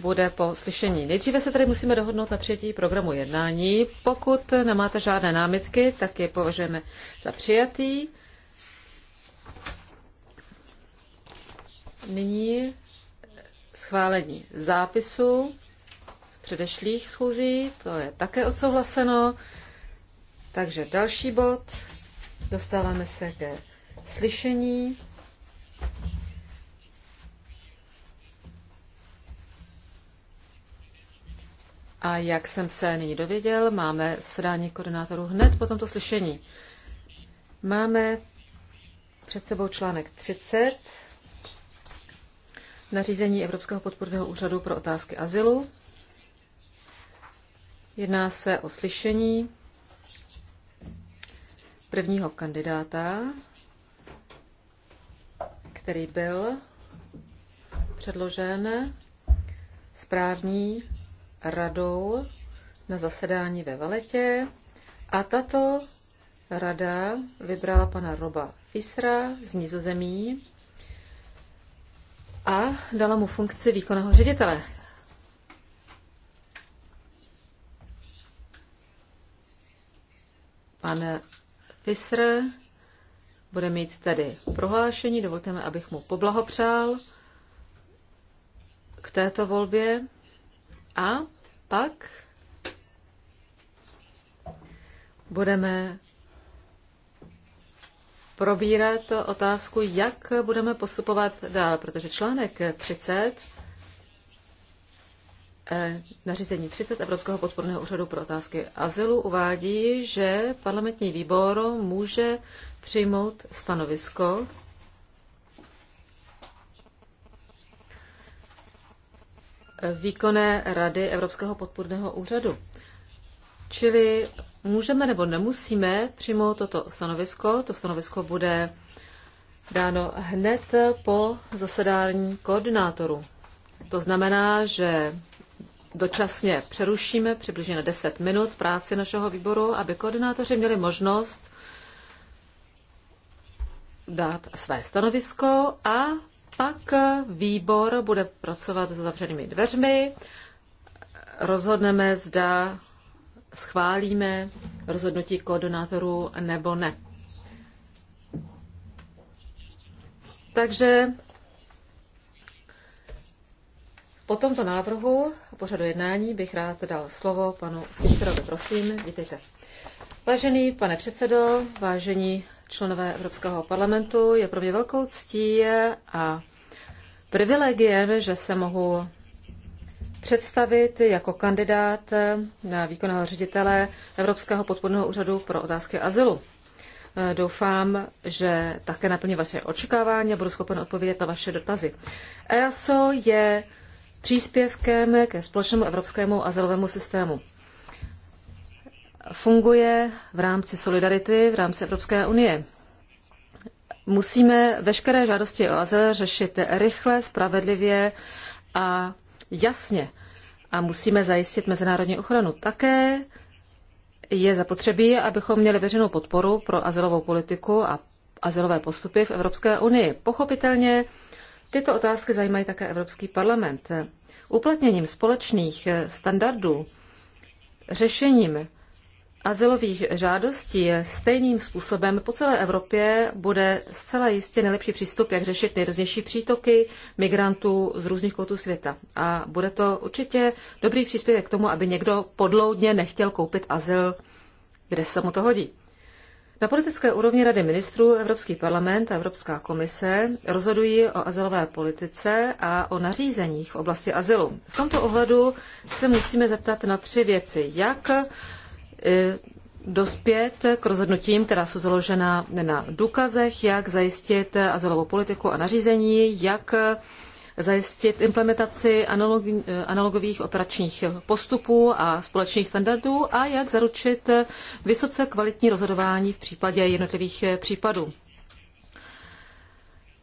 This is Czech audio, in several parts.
bude po slyšení. Nejdříve se tady musíme dohodnout na přijetí programu jednání. Pokud nemáte žádné námitky, tak je považujeme za přijatý. Nyní schválení zápisu z předešlých schůzí, to je také odsouhlaseno. Takže další bod, dostáváme se ke slyšení A jak jsem se nyní dověděl, máme sedání koordinátorů hned po tomto slyšení. Máme před sebou článek 30 nařízení Evropského podporného úřadu pro otázky azylu. Jedná se o slyšení prvního kandidáta, který byl předložen správní radou na zasedání ve Valetě a tato rada vybrala pana Roba Fisra z Nizozemí a dala mu funkci výkonného ředitele. Pan Fisr bude mít tedy prohlášení, dovolte mi, abych mu poblahopřál k této volbě. A pak budeme probírat otázku, jak budeme postupovat dál, protože článek 30 eh, Nařízení 30 Evropského podporného úřadu pro otázky azylu uvádí, že parlamentní výbor může přijmout stanovisko výkonné rady Evropského podpůrného úřadu. Čili můžeme nebo nemusíme přijmout toto stanovisko. To stanovisko bude dáno hned po zasedání koordinátorů. To znamená, že dočasně přerušíme přibližně na 10 minut práci našeho výboru, aby koordinátoři měli možnost dát své stanovisko a pak výbor bude pracovat s zavřenými dveřmi, rozhodneme, zda schválíme rozhodnutí koordinátorů nebo ne. Takže po tomto návrhu pořadu jednání bych rád dal slovo panu Fischerovi. Prosím, vítejte. Vážený pane předsedo, vážení členové Evropského parlamentu. Je pro mě velkou ctí a privilegiem, že se mohu představit jako kandidát na výkonného ředitele Evropského podporného úřadu pro otázky azylu. Doufám, že také naplní vaše očekávání a budu schopen odpovědět na vaše dotazy. EASO je příspěvkem ke společnému evropskému azylovému systému funguje v rámci solidarity, v rámci Evropské unie. Musíme veškeré žádosti o azyl řešit rychle, spravedlivě a jasně. A musíme zajistit mezinárodní ochranu. Také je zapotřebí, abychom měli veřejnou podporu pro azylovou politiku a azylové postupy v Evropské unii. Pochopitelně tyto otázky zajímají také Evropský parlament. Uplatněním společných standardů, řešením azylových žádostí stejným způsobem po celé Evropě bude zcela jistě nejlepší přístup, jak řešit nejrůznější přítoky migrantů z různých koutů světa. A bude to určitě dobrý příspěvek k tomu, aby někdo podloudně nechtěl koupit azyl, kde se mu to hodí. Na politické úrovni Rady ministrů Evropský parlament a Evropská komise rozhodují o azylové politice a o nařízeních v oblasti azylu. V tomto ohledu se musíme zeptat na tři věci. Jak E, dospět k rozhodnutím, která jsou založena na důkazech, jak zajistit azylovou politiku a nařízení, jak zajistit implementaci analog, e, analogových operačních postupů a společných standardů a jak zaručit vysoce kvalitní rozhodování v případě jednotlivých e, případů.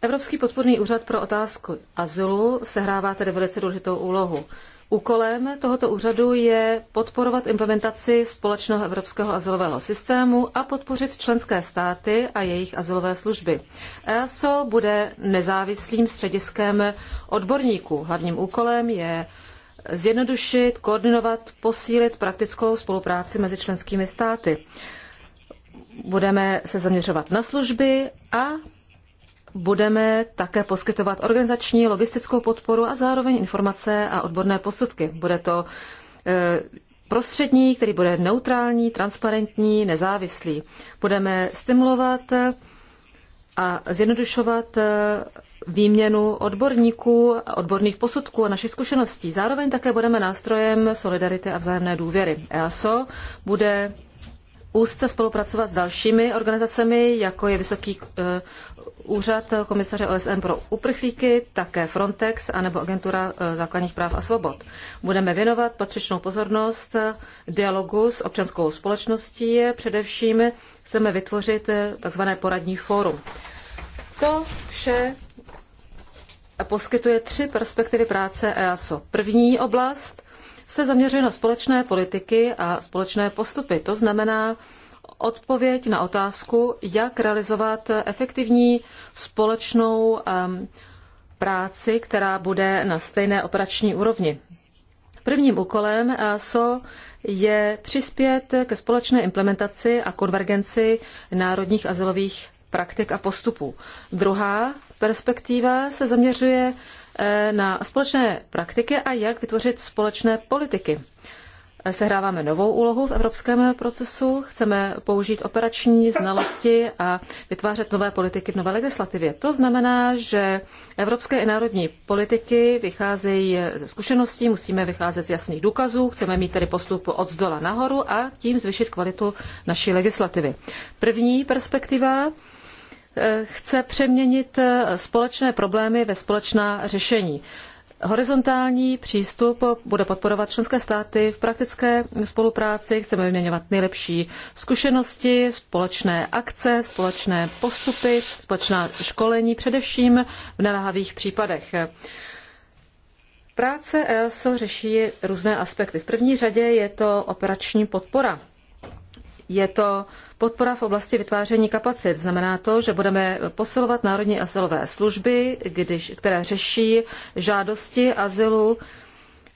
Evropský podporný úřad pro otázku azylu sehrává tedy velice důležitou úlohu. Úkolem tohoto úřadu je podporovat implementaci společného evropského azylového systému a podpořit členské státy a jejich azylové služby. EASO bude nezávislým střediskem odborníků. Hlavním úkolem je zjednodušit, koordinovat, posílit praktickou spolupráci mezi členskými státy. Budeme se zaměřovat na služby a budeme také poskytovat organizační, logistickou podporu a zároveň informace a odborné posudky. Bude to e, prostřední, který bude neutrální, transparentní, nezávislý. Budeme stimulovat a zjednodušovat e, výměnu odborníků, odborných posudků a našich zkušeností. Zároveň také budeme nástrojem solidarity a vzájemné důvěry. EASO bude úzce spolupracovat s dalšími organizacemi, jako je Vysoký eh, úřad komisaře OSN pro uprchlíky, také Frontex anebo Agentura eh, základních práv a svobod. Budeme věnovat patřičnou pozornost eh, dialogu s občanskou společností. Především chceme vytvořit tzv. poradní fórum. To vše poskytuje tři perspektivy práce EASO. První oblast se zaměřuje na společné politiky a společné postupy. To znamená odpověď na otázku, jak realizovat efektivní společnou práci, která bude na stejné operační úrovni. Prvním úkolem ASO eh, je přispět ke společné implementaci a konvergenci národních azylových praktik a postupů. Druhá perspektiva se zaměřuje Eh, na společné praktiky a jak vytvořit společné politiky. Sehráváme novou úlohu v evropském procesu, chceme použít operační znalosti a vytvářet nové politiky v nové legislativě. To znamená, že evropské i národní politiky vycházejí ze zkušeností, musíme vycházet z jasných důkazů, chceme mít tedy postup od zdola nahoru a tím zvyšit kvalitu naší legislativy. První perspektiva Eh, chce přeměnit eh, společné problémy ve společná řešení. Horizontální přístup bude podporovat členské státy v praktické spolupráci. Chceme vyměňovat nejlepší zkušenosti, společné akce, společné postupy, společná školení, především v naléhavých případech. Práce ESO řeší různé aspekty. V první řadě je to operační podpora. Je to Podpora v oblasti vytváření kapacit znamená to, že budeme posilovat národní asilové služby, když, které řeší žádosti azylu.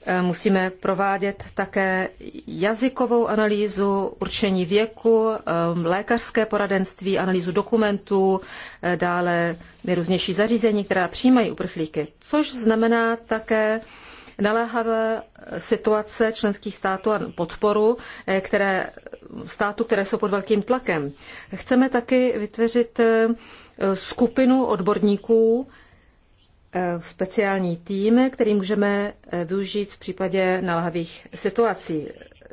Eh, musíme provádět také jazykovou analýzu, určení věku, eh, lékařské poradenství, analýzu dokumentů, eh, dále nejrůznější zařízení, která přijímají uprchlíky, což znamená také naléhavé situace členských států a podporu eh, které, států, které jsou pod velkým tlakem. Chceme taky vytvořit eh, skupinu odborníků, eh, speciální tým, který můžeme využít v případě naléhavých situací.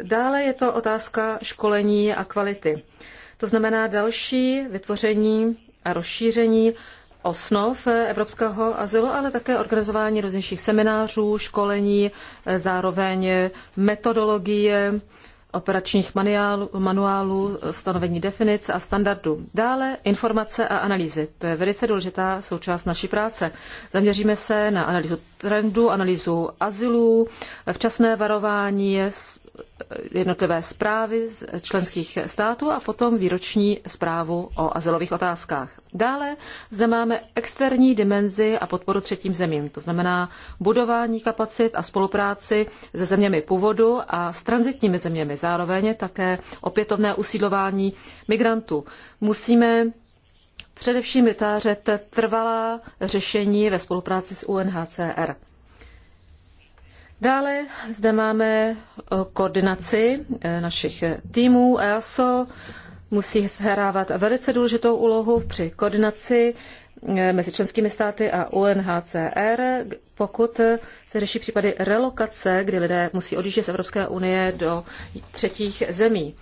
Dále je to otázka školení a kvality. To znamená další vytvoření a rozšíření osnov eh, evropského azylu, ale také organizování různějších seminářů, školení, eh, zároveň metodologie, operačních manuálů, manuálů, stanovení definic a standardů. Dále informace a analýzy. To je velice důležitá součást naší práce. Zaměříme se na analýzu trendů, analýzu azylů, včasné varování, jednotlivé zprávy z členských států a potom výroční zprávu o azylových otázkách. Dále zde máme externí dimenzi a podporu třetím zemím, to znamená budování kapacit a spolupráci se zeměmi původu a s transitními zeměmi, zároveň také opětovné usídlování migrantů. Musíme především vytvářet trvalá řešení ve spolupráci s UNHCR. Dále zde máme eh, koordinaci eh, našich eh, týmů. EASO musí sehrávat velice důležitou úlohu při koordinaci mezi členskými státy a UNHCR, pokud se řeší případy relokace, kdy lidé musí odjíždět z Evropské unie do třetích zemí.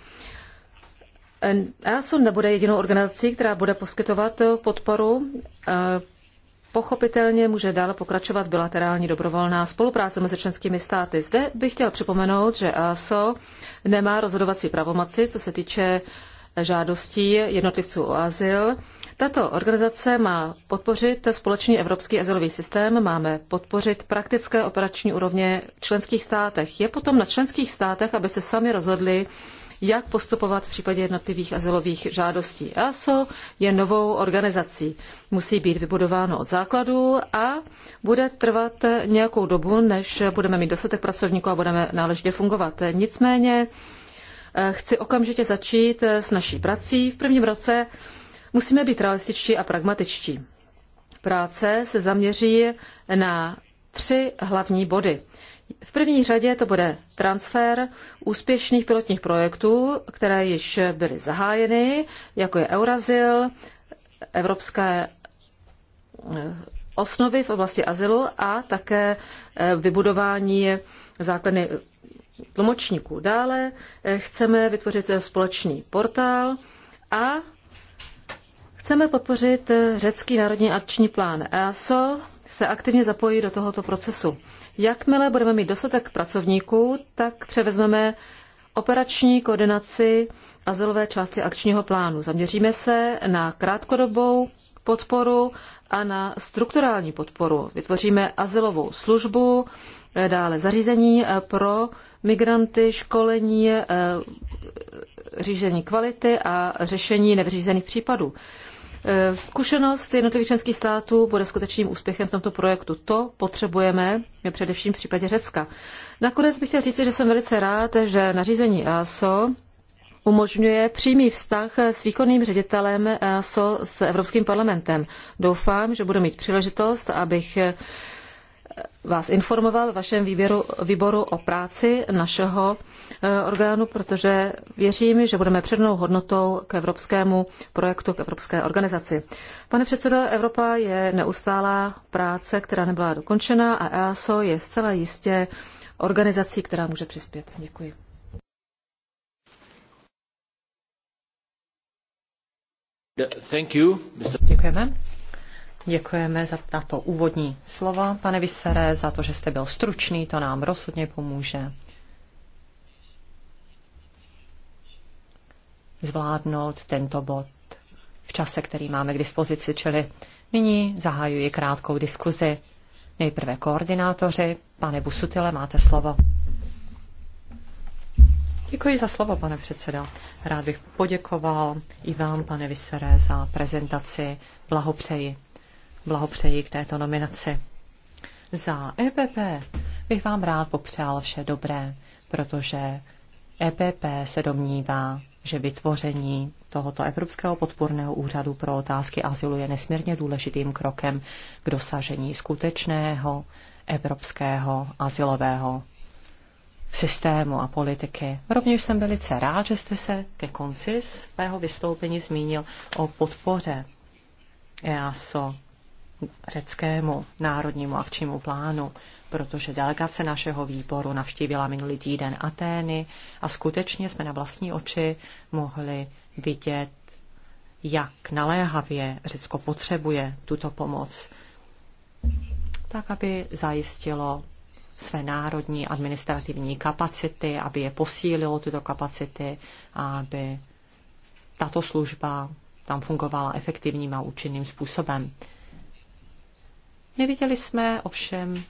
EASO nebude jedinou organizací, která bude poskytovat podporu pochopitelně může dále pokračovat bilaterální dobrovolná spolupráce mezi členskými státy. Zde bych chtěl připomenout, že ASO nemá rozhodovací pravomoci, co se týče žádostí jednotlivců o azyl. Tato organizace má podpořit společný evropský azylový systém, máme podpořit praktické operační úrovně v členských státech. Je potom na členských státech, aby se sami rozhodli, jak postupovat v případě jednotlivých azylových žádostí. EASO je novou organizací. Musí být vybudováno od základu a bude trvat nějakou dobu, než budeme mít dostatek pracovníků a budeme náležitě fungovat. Nicméně eh, chci okamžitě začít eh, s naší prací. V prvním roce musíme být realističtí a pragmatičtí. Práce se zaměří na tři hlavní body. V první řadě to bude transfer úspěšných pilotních projektů, které již byly zahájeny, jako je Eurazil, Evropské eh, osnovy v oblasti azylu a také eh, vybudování základny tlumočníků. Dále eh, chceme vytvořit společný portál a chceme podpořit řecký národní akční plán. EASO se aktivně zapojí do tohoto procesu. Jakmile budeme mít dostatek pracovníků, tak převezmeme operační koordinaci azylové části akčního plánu. Zaměříme se na krátkodobou podporu a na strukturální podporu. Vytvoříme azylovou službu, eh, dále zařízení eh, pro migranty, školení, eh, řízení kvality a řešení nevyřízených případů. Eh, zkušenost jednotlivých členských států bude skutečným úspěchem v tomto projektu. To potřebujeme, především v případě Řecka. Nakonec bych chtěl říct, že jsem velice rád, že nařízení ASO umožňuje přímý vztah s výkonným ředitelem ASO s Evropským parlamentem. Doufám, že budu mít příležitost, abych eh, vás informoval v vašem výběru, výboru o práci našeho Eh, orgánu, protože věřím, že budeme přednou hodnotou k evropskému projektu, k evropské organizaci. Pane předsedo, Evropa je neustálá práce, která nebyla dokončena a EASO je zcela jistě organizací, která může přispět. Děkuji. Thank you, Mr. Děkujeme. Děkujeme za tato úvodní slova, pane Vysere, za to, že jste byl stručný, to nám rozhodně pomůže zvládnout tento bod v čase, který máme k dispozici, čili nyní zahajuji krátkou diskuzi. Nejprve koordinátoři. Pane Busutile, máte slovo. Děkuji za slovo, pane předseda. Rád bych poděkoval i vám, pane Vysere, za prezentaci. Blahopřeji. Blahopřeji k této nominaci. Za EPP bych vám rád popřál vše dobré, protože EPP se domnívá, že vytvoření tohoto Evropského podporného úřadu pro otázky asilu je nesmírně důležitým krokem k dosažení skutečného evropského asilového systému a politiky. Rovněž jsem velice rád, že jste se ke konci svého vystoupení zmínil o podpoře EASO řeckému národnímu akčnímu plánu protože delegace našeho výboru navštívila minulý týden Atény a skutečně jsme na vlastní oči mohli vidět, jak naléhavě Řecko potřebuje tuto pomoc, tak aby zajistilo své národní administrativní kapacity, aby je posílilo tyto kapacity a aby tato služba tam fungovala efektivním a účinným způsobem. Neviděli jsme ovšem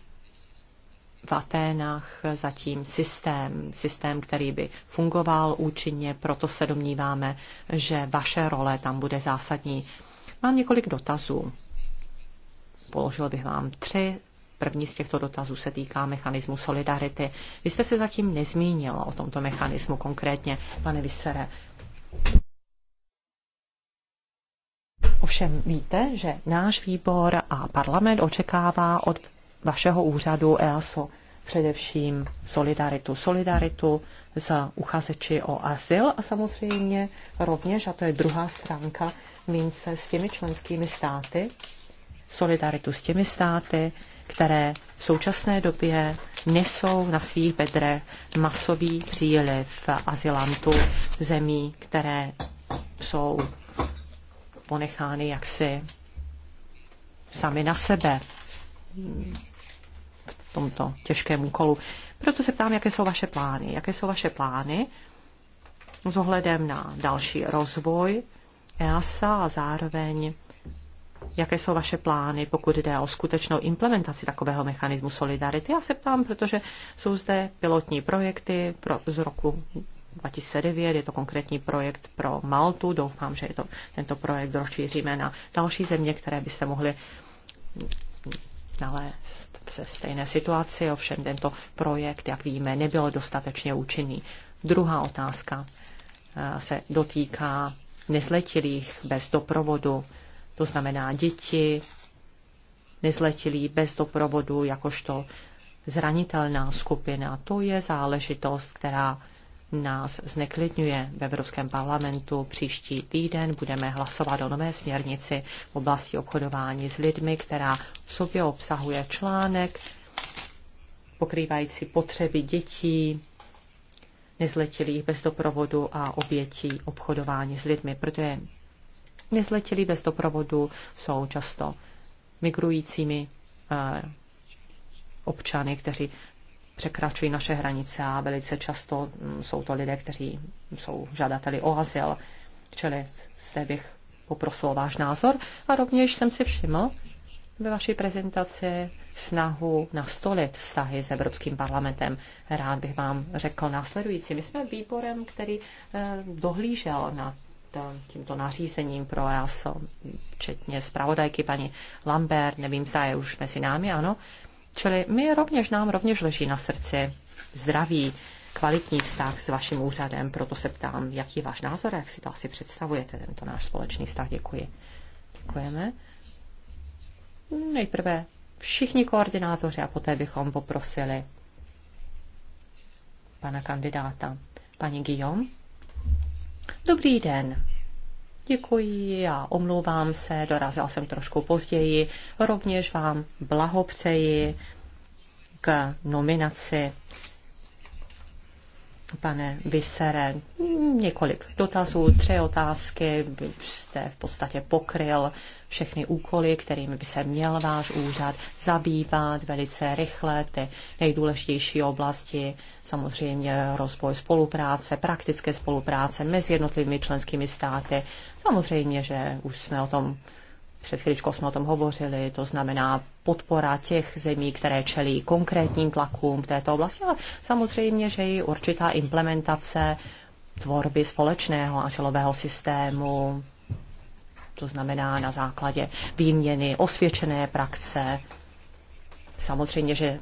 v Aténách zatím systém, systém, který by fungoval účinně, proto se domníváme, že vaše role tam bude zásadní. Mám několik dotazů. Položil bych vám tři. První z těchto dotazů se týká mechanismu solidarity. Vy jste se zatím nezmínil o tomto mechanismu konkrétně, pane Vysere. Ovšem víte, že náš výbor a parlament očekává od vašeho úřadu EASO především solidaritu. Solidaritu za uchazeči o azyl a samozřejmě rovněž, a to je druhá stránka mince, s těmi členskými státy, solidaritu s těmi státy, které v současné době nesou na svých bedrech masový příliv azylantů zemí, které jsou ponechány jaksi sami na sebe v tomto těžkém úkolu. Proto se ptám, jaké jsou vaše plány. Jaké jsou vaše plány s ohledem na další rozvoj EASA a zároveň jaké jsou vaše plány, pokud jde o skutečnou implementaci takového mechanismu solidarity. Já se ptám, protože jsou zde pilotní projekty pro, z roku 2009, je to konkrétní projekt pro Maltu, doufám, že je to, tento projekt rozšíříme na další země, které by se mohly nalézt se stejné situaci, ovšem tento projekt, jak víme, nebyl dostatečně účinný. Druhá otázka eh, se dotýká nezletilých bez doprovodu, to znamená děti, nezletilí bez doprovodu, jakožto zranitelná skupina. To je záležitost, která nás zneklidňuje v Evropském parlamentu. Příští týden budeme hlasovat o nové směrnici v oblasti obchodování s lidmi, která v sobě obsahuje článek pokrývající potřeby dětí, nezletilých bez doprovodu a obětí obchodování s lidmi, protože nezletilí bez doprovodu jsou často migrujícími eh, občany, kteří překračují naše hranice a velice často mm, jsou to lidé, kteří jsou žadateli o azyl. Čili zde bych poprosil váš názor. A rovněž jsem si všiml ve vaší prezentaci snahu nastolit vztahy s Evropským parlamentem. Rád bych vám řekl následující. My jsme výborem, který eh, dohlížel na eh, tímto nařízením pro EASO, včetně zpravodajky paní Lambert, nevím, zda je už mezi námi, ano. Čili my rovněž nám rovněž leží na srdci zdraví, kvalitní vztah s vaším úřadem, proto se ptám, jaký je váš názor, jak si to asi představujete, tento náš společný vztah. Děkuji. Děkujeme. Nejprve všichni koordinátoři a poté bychom poprosili pana kandidáta. Paní Guillaume. Dobrý den. Děkuji, a omlouvám se, dorazila jsem trošku později. Rovněž vám blahopřeji k nominaci. Pane Vysere, několik dotazů, tři otázky, byste v podstatě pokryl všechny úkoly, kterými by se měl váš úřad zabývat velice rychle, ty nejdůležitější oblasti, samozřejmě rozvoj spolupráce, praktické spolupráce mezi jednotlivými členskými státy. Samozřejmě, že už jsme o tom před chvíličkou jsme o tom hovořili, to znamená podpora těch zemí, které čelí konkrétním tlakům v této oblasti, ale samozřejmě, že i určitá implementace tvorby společného asilového systému, to znamená na základě výměny osvědčené praxe. Samozřejmě, že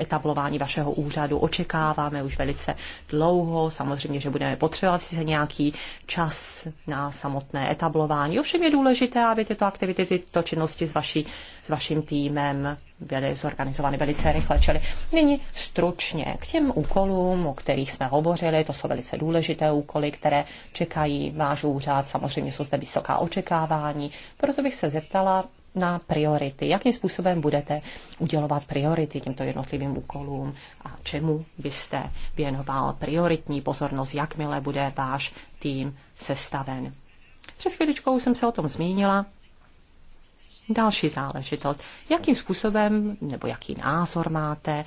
etablování vašeho úřadu očekáváme už velice dlouho. Samozřejmě, že budeme potřebovat si nějaký čas na samotné etablování. Ovšem je důležité, aby tyto aktivity, tyto činnosti s, vaší, s vaším týmem byly zorganizovány velice rychle. Čili nyní stručně k těm úkolům, o kterých jsme hovořili, to jsou velice důležité úkoly, které čekají váš úřad. Samozřejmě jsou zde vysoká očekávání. Proto bych se zeptala, na priority. Jakým způsobem budete udělovat priority těmto jednotlivým úkolům a čemu byste věnoval prioritní pozornost, jakmile bude váš tým sestaven. Před chvíličkou jsem se o tom zmínila. Další záležitost. Jakým způsobem nebo jaký názor máte,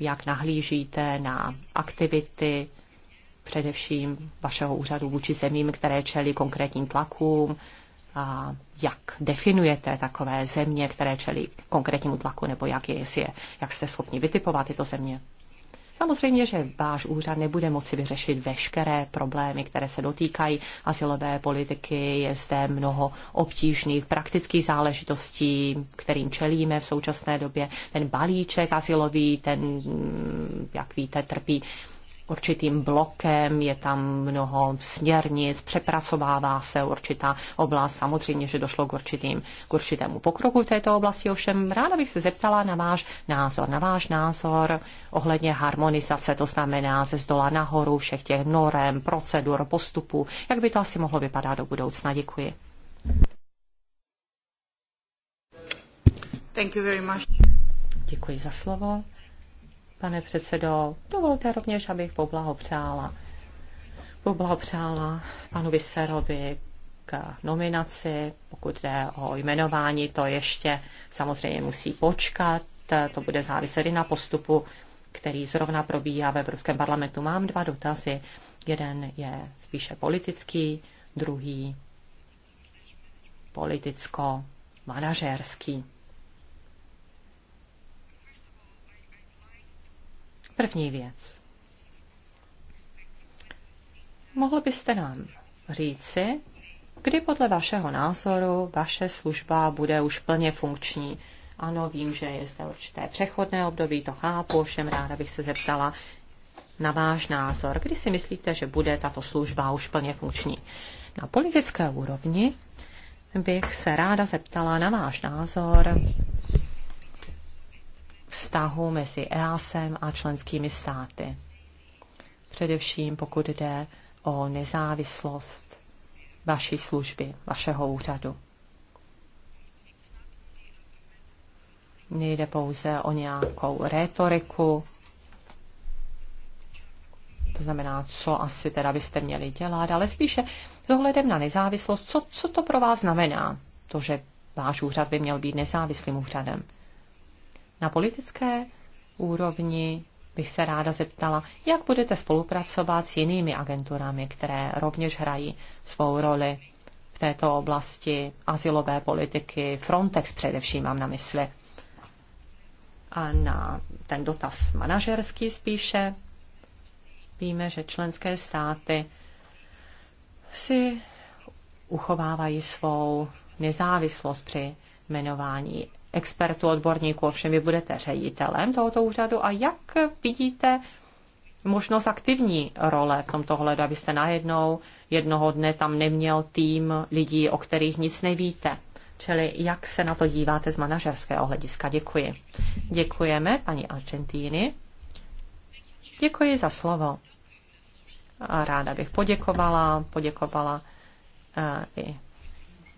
jak nahlížíte na aktivity především vašeho úřadu vůči zemím, které čelí konkrétním tlakům, a jak definujete takové země, které čelí konkrétnímu tlaku, nebo jak, je, je, jak jste schopni vytipovat tyto země? Samozřejmě, že váš úřad nebude moci vyřešit veškeré problémy, které se dotýkají asilové politiky. Je zde mnoho obtížných praktických záležitostí, kterým čelíme v současné době. Ten balíček asilový, ten, jak víte, trpí určitým blokem, je tam mnoho směrnic, přepracovává se určitá oblast. Samozřejmě, že došlo k, určitým, k určitému pokroku v této oblasti, ovšem ráda bych se zeptala na váš názor, na váš názor ohledně harmonizace, to znamená ze zdola nahoru všech těch norem, procedur, postupů, jak by to asi mohlo vypadat do budoucna. Děkuji. Thank you very much. Děkuji za slovo pane předsedo. Dovolte rovněž, abych poblahopřála. Poblahopřála panu Viserovi k nominaci. Pokud jde o jmenování, to ještě samozřejmě musí počkat. To bude záviset i na postupu, který zrovna probíhá ve Evropském parlamentu. Mám dva dotazy. Jeden je spíše politický, druhý politicko-manažérský. První věc. Mohl byste nám říci, kdy podle vašeho názoru vaše služba bude už plně funkční? Ano, vím, že je zde určité přechodné období, to chápu, všem ráda bych se zeptala na váš názor. Kdy si myslíte, že bude tato služba už plně funkční? Na politické úrovni bych se ráda zeptala na váš názor vztahu mezi EASem a členskými státy. Především pokud jde o nezávislost vaší služby, vašeho úřadu. Nejde pouze o nějakou rétoriku, to znamená, co asi teda byste měli dělat, ale spíše s ohledem na nezávislost, co, co to pro vás znamená, to, že váš úřad by měl být nezávislým úřadem. Na politické úrovni bych se ráda zeptala, jak budete spolupracovat s jinými agenturami, které rovněž hrají svou roli v této oblasti asilové politiky, Frontex především mám na mysli. A na ten dotaz manažerský spíše víme, že členské státy si uchovávají svou nezávislost při jmenování expertů, odborníků, ovšem vy budete ředitelem tohoto úřadu a jak vidíte možnost aktivní role v tomto hledu, abyste najednou jednoho dne tam neměl tým lidí, o kterých nic nevíte. Čili jak se na to díváte z manažerského hlediska? Děkuji. Děkujeme paní Argentíny. Děkuji za slovo. A ráda bych poděkovala, poděkovala eh, i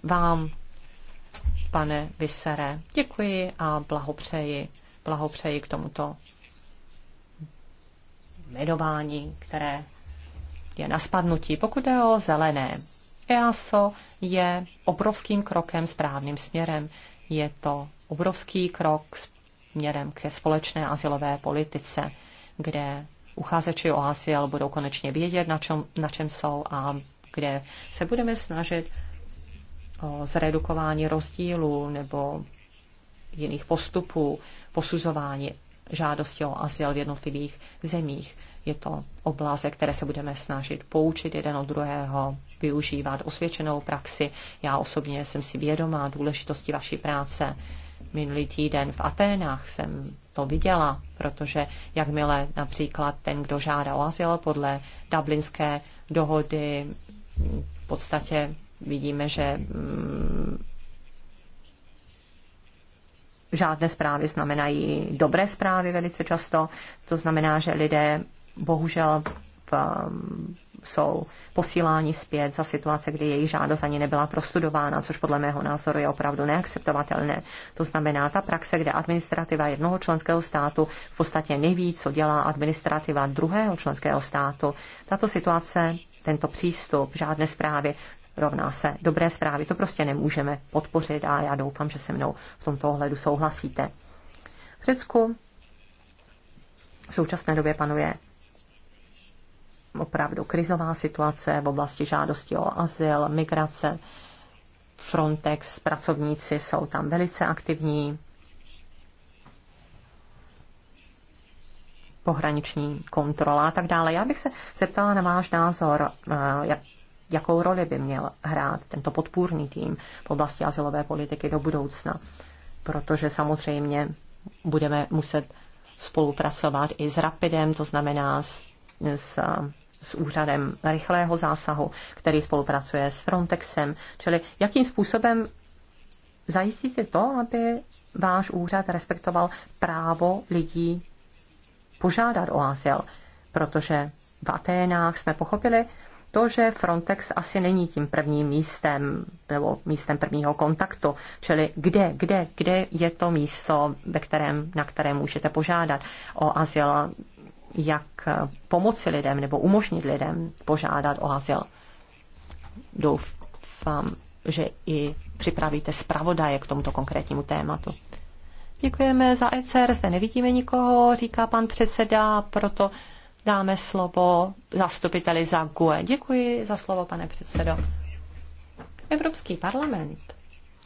vám pane Vysere. Děkuji a blahopřeji, blahopřeji k tomuto jmenování, které je na spadnutí. Pokud je o zelené, EASO je obrovským krokem správným směrem. Je to obrovský krok směrem ke společné asilové politice, kde uchazeči o asil budou konečně vědět, na čem, na čem jsou a kde se budeme snažit o eh, zredukování rozdílů nebo jiných postupů, posuzování žádosti o azyl v jednotlivých zemích. Je to oblast, které se budeme snažit poučit jeden od druhého, využívat osvědčenou praxi. Já osobně jsem si vědomá důležitosti vaší práce. Minulý týden v Aténách jsem to viděla, protože jakmile například ten, kdo žádá o azyl podle Dublinské dohody, v podstatě vidíme, že mm, žádné zprávy znamenají dobré zprávy velice často. To znamená, že lidé bohužel v, jsou posíláni zpět za situace, kdy jejich žádost ani nebyla prostudována, což podle mého názoru je opravdu neakceptovatelné. To znamená ta praxe, kde administrativa jednoho členského státu v podstatě neví, co dělá administrativa druhého členského státu. Tato situace tento přístup, žádné zprávy rovná se dobré zprávy. To prostě nemůžeme podpořit a já doufám, že se mnou v tomto ohledu souhlasíte. V Řecku v současné době panuje opravdu krizová situace v oblasti žádosti o azyl, migrace. Frontex pracovníci jsou tam velice aktivní. Pohraniční kontrola a tak dále. Já bych se zeptala na váš názor, eh, jakou roli by měl hrát tento podpůrný tým v oblasti asilové politiky do budoucna. Protože samozřejmě budeme muset spolupracovat i s Rapidem, to znamená s, s, s úřadem rychlého zásahu, který spolupracuje s Frontexem. Čili jakým způsobem zajistíte to, aby váš úřad respektoval právo lidí požádat o azyl, protože v Aténách jsme pochopili, to, že Frontex asi není tím prvním místem nebo místem prvního kontaktu, čili kde, kde, kde je to místo, ve kterém, na kterém můžete požádat o azyl, jak pomoci lidem nebo umožnit lidem požádat o azyl. Doufám, že i připravíte zpravodaje k tomuto konkrétnímu tématu. Děkujeme za ECR, zde nevidíme nikoho, říká pan předseda, proto dáme slovo zastupiteli za GUE. Děkuji za slovo, pane předsedo. Evropský parlament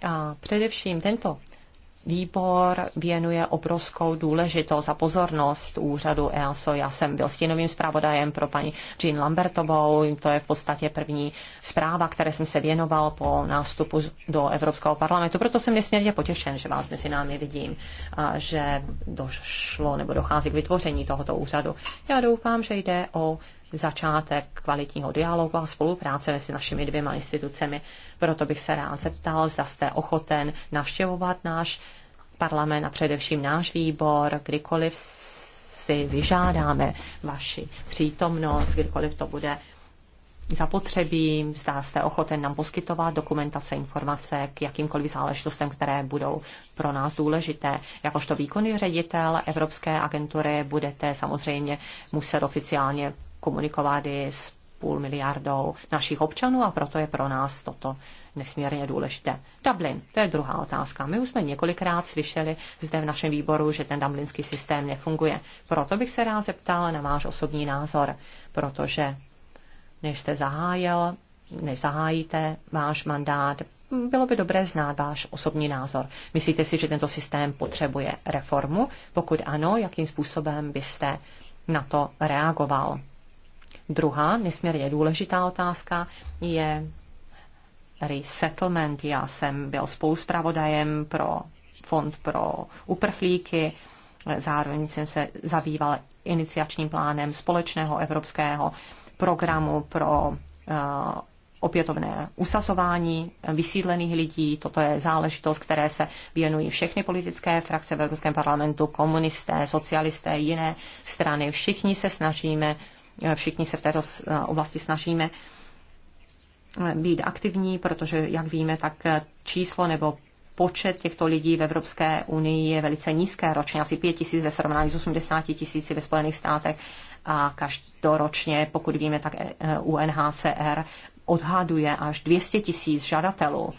a především tento výbor věnuje obrovskou důležitost a pozornost úřadu EASO. Já jsem byl stínovým zpravodajem pro paní Jean Lambertovou, to je v podstatě první zpráva, které jsem se věnoval po nástupu do Evropského parlamentu. Proto jsem nesmírně potěšen, že vás mezi námi vidím a že došlo nebo dochází k vytvoření tohoto úřadu. Já doufám, že jde o začátek kvalitního dialogu a spolupráce mezi našimi dvěma institucemi. Proto bych se rád zeptal, zda jste ochoten navštěvovat náš parlament a především náš výbor, kdykoliv si vyžádáme vaši přítomnost, kdykoliv to bude zapotřebí, zda jste ochoten nám poskytovat dokumentace, informace k jakýmkoliv záležitostem, které budou pro nás důležité. Jakožto výkonný ředitel Evropské agentury budete samozřejmě muset oficiálně komunikovat i s půl miliardou našich občanů a proto je pro nás toto nesmírně důležité. Dublin, to je druhá otázka. My už jsme několikrát slyšeli zde v našem výboru, že ten dublinský systém nefunguje. Proto bych se rád zeptal na váš osobní názor, protože než jste zahájil, než zahájíte váš mandát, bylo by dobré znát váš osobní názor. Myslíte si, že tento systém potřebuje reformu? Pokud ano, jakým způsobem byste na to reagoval? Druhá nesmírně důležitá otázka je resettlement. Já jsem byl spoluspravodajem pro fond pro uprchlíky, zároveň jsem se zabýval iniciačním plánem společného evropského programu pro eh, opětovné usazování vysídlených lidí. Toto je záležitost, které se věnují všechny politické frakce v Evropském parlamentu, komunisté, socialisté, jiné strany. Všichni se snažíme, eh, všichni se v této eh, oblasti snažíme být aktivní, protože, jak víme, tak číslo nebo počet těchto lidí v Evropské unii je velice nízké ročně, asi 5 tisíc ve srovnání s 80 tisíci ve Spojených státech a každoročně, pokud víme, tak UNHCR odhaduje až 200 tisíc žadatelů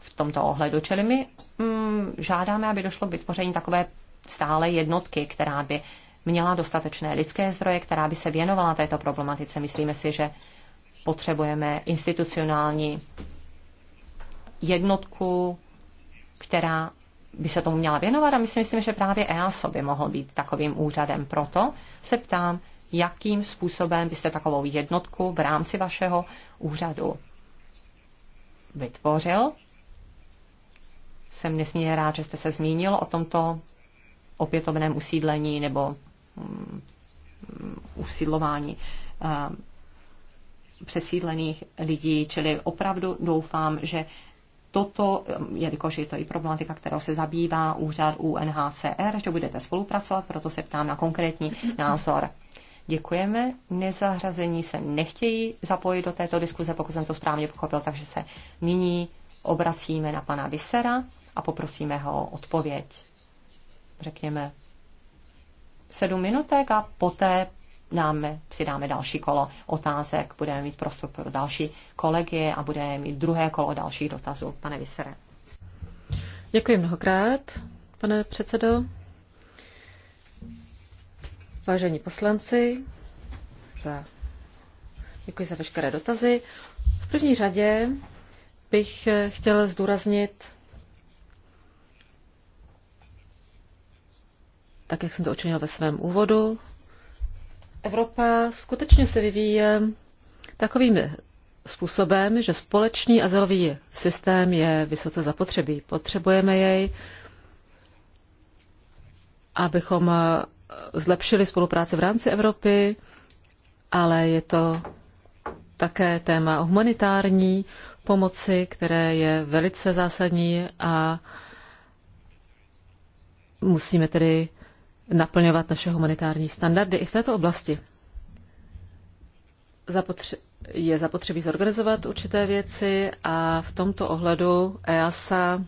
v tomto ohledu. Čili my mm, žádáme, aby došlo k vytvoření takové stále jednotky, která by měla dostatečné lidské zdroje, která by se věnovala této problematice. Myslíme si, že potřebujeme institucionální jednotku, která by se tomu měla věnovat a my si myslím, že právě EASO by mohl být takovým úřadem. Proto se ptám, jakým způsobem byste takovou jednotku v rámci vašeho úřadu vytvořil. Jsem nesmírně rád, že jste se zmínil o tomto opětovném usídlení nebo um, usídlování um, přesídlených lidí, čili opravdu doufám, že toto, jelikož je to i problematika, kterou se zabývá úřad UNHCR, že budete spolupracovat, proto se ptám na konkrétní názor. Děkujeme. Nezahrazení se nechtějí zapojit do této diskuze, pokud jsem to správně pochopil, takže se nyní obracíme na pana Vysera a poprosíme ho o odpověď. Řekněme sedm minutek a poté dáme, si dáme další kolo otázek, budeme mít prostor pro další kolegy a budeme mít druhé kolo dalších dotazů. Pane Vysere. Děkuji mnohokrát, pane předsedo. Vážení poslanci, za... děkuji za veškeré dotazy. V první řadě bych eh, chtěl zdůraznit, tak jak jsem to učinil ve svém úvodu, Evropa skutečně se vyvíjí takovým způsobem, že společný azylový systém je vysoce zapotřebí. Potřebujeme jej, abychom zlepšili spolupráci v rámci Evropy, ale je to také téma humanitární pomoci, které je velice zásadní a musíme tedy naplňovat naše humanitární standardy i v této oblasti. Zapotře- je zapotřebí zorganizovat určité věci a v tomto ohledu EASA,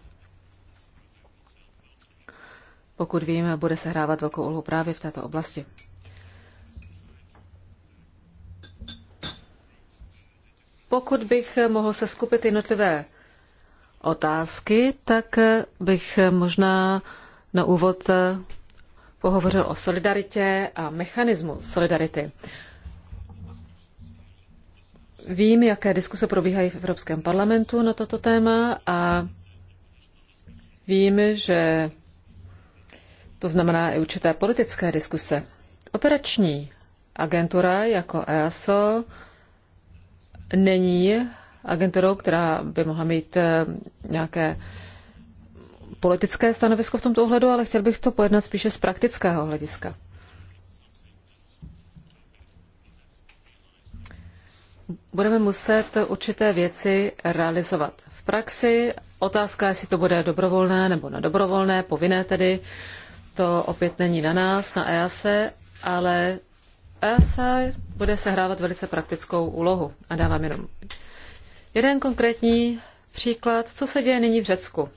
pokud vím, bude sehrávat velkou úlohu právě v této oblasti. Pokud bych mohl se skupit jednotlivé otázky, tak bych možná na úvod pohovořil o solidaritě a mechanismu solidarity. Vím, jaké diskuse probíhají v Evropském parlamentu na toto téma a vím, že to znamená i určité politické diskuse. Operační agentura jako EASO není agenturou, která by mohla mít eh, nějaké politické stanovisko v tomto ohledu, ale chtěl bych to pojednat spíše z praktického hlediska. Budeme muset určité věci realizovat v praxi. Otázka, jestli to bude dobrovolné nebo na dobrovolné, povinné tedy, to opět není na nás, na EASE, e, ale EASE e bude sehrávat velice praktickou úlohu. A dávám jenom jeden konkrétní příklad, co se děje nyní v Řecku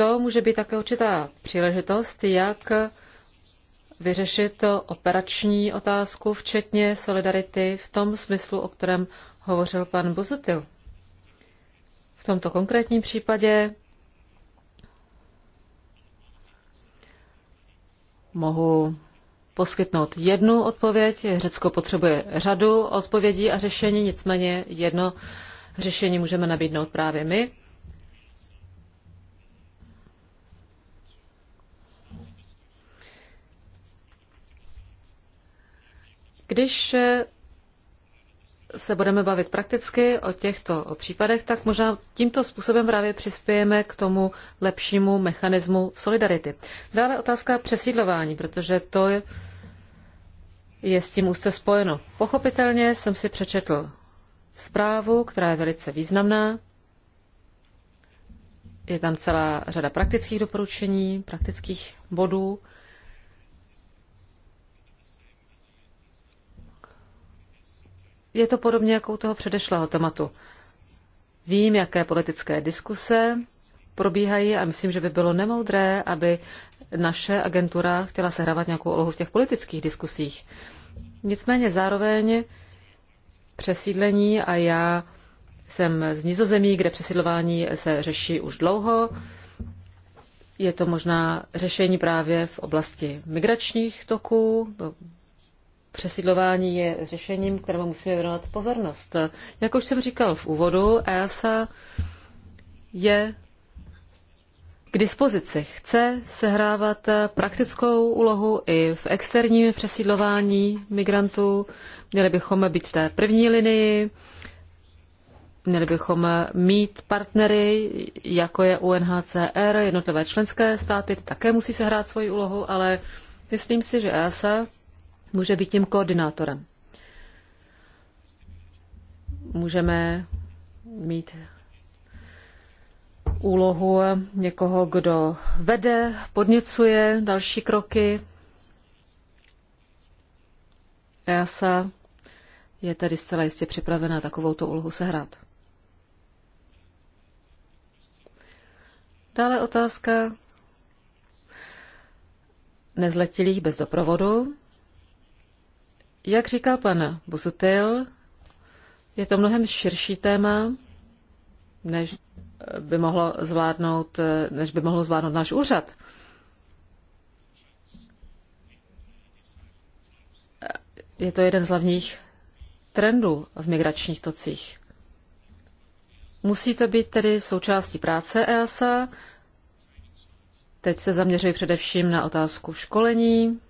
to může být také určitá příležitost, jak vyřešit operační otázku, včetně solidarity v tom smyslu, o kterém hovořil pan Buzutil. V tomto konkrétním případě mohu poskytnout jednu odpověď. Řecko potřebuje řadu odpovědí a řešení, nicméně jedno řešení můžeme nabídnout právě my. Když se budeme bavit prakticky o těchto o případech, tak možná tímto způsobem právě přispějeme k tomu lepšímu mechanismu solidarity. Dále otázka přesídlování, protože to je s tím úzce spojeno. Pochopitelně jsem si přečetl zprávu, která je velice významná. Je tam celá řada praktických doporučení, praktických bodů. je to podobně jako u toho předešlého tématu. Vím, jaké politické diskuse probíhají a myslím, že by bylo nemoudré, aby naše agentura chtěla sehrávat nějakou úlohu v těch politických diskusích. Nicméně zároveň přesídlení a já jsem z Nizozemí, kde přesídlování se řeší už dlouho. Je to možná řešení právě v oblasti migračních toků, Přesidlování je řešením, kterému musíme věnovat pozornost. Jak už jsem říkal v úvodu, ESA je k dispozici. Chce sehrávat praktickou úlohu i v externím přesídlování migrantů. Měli bychom být v té první linii, měli bychom mít partnery, jako je UNHCR, jednotlivé členské státy, také musí sehrát svoji úlohu, ale myslím si, že ESA může být tím koordinátorem. Můžeme mít úlohu někoho, kdo vede, podněcuje další kroky. EASA je tedy zcela jistě připravená takovouto úlohu sehrát. Dále otázka nezletilých bez doprovodu. Jak říkal pan Busutil, je to mnohem širší téma, než by mohlo zvládnout, než by mohlo zvládnout náš úřad. Je to jeden z hlavních trendů v migračních tocích. Musí to být tedy součástí práce EASA. Teď se zaměřuji především na otázku školení,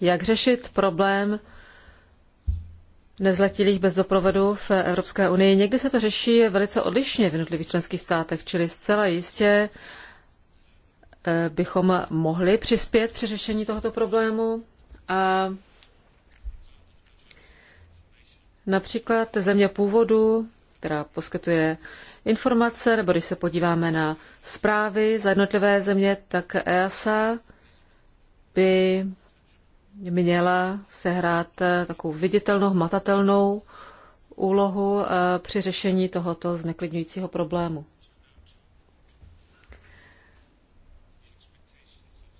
jak řešit problém nezletilých bez doprovodu v Evropské unii. Někdy se to řeší velice odlišně v jednotlivých členských státech, čili zcela jistě eh, bychom mohli přispět při řešení tohoto problému. A například země původu, která poskytuje informace, nebo když se podíváme na zprávy za jednotlivé země, tak EASA by měla sehrát eh, takovou viditelnou, matatelnou úlohu eh, při řešení tohoto zneklidňujícího problému.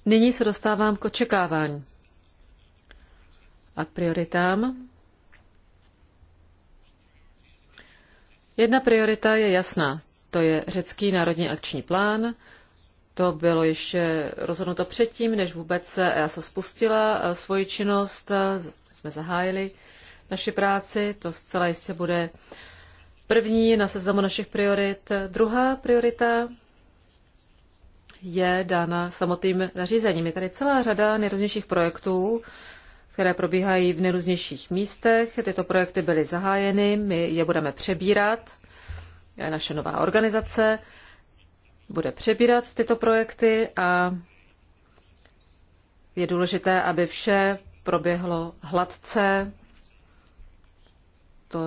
Nyní se dostávám k očekávání a k prioritám. Jedna priorita je jasná. To je řecký národní akční plán, to bylo ještě rozhodnuto předtím, než vůbec EASA e spustila e, svoji činnost. E, jsme zahájili naši práci. To zcela jistě bude první na seznamu našich priorit. Druhá priorita je dána samotným nařízením. Je tady celá řada nejrůznějších projektů, které probíhají v nejrůznějších místech. Tyto projekty byly zahájeny, my je budeme přebírat, Je naše nová organizace bude přebírat tyto projekty a je důležité, aby vše proběhlo hladce. To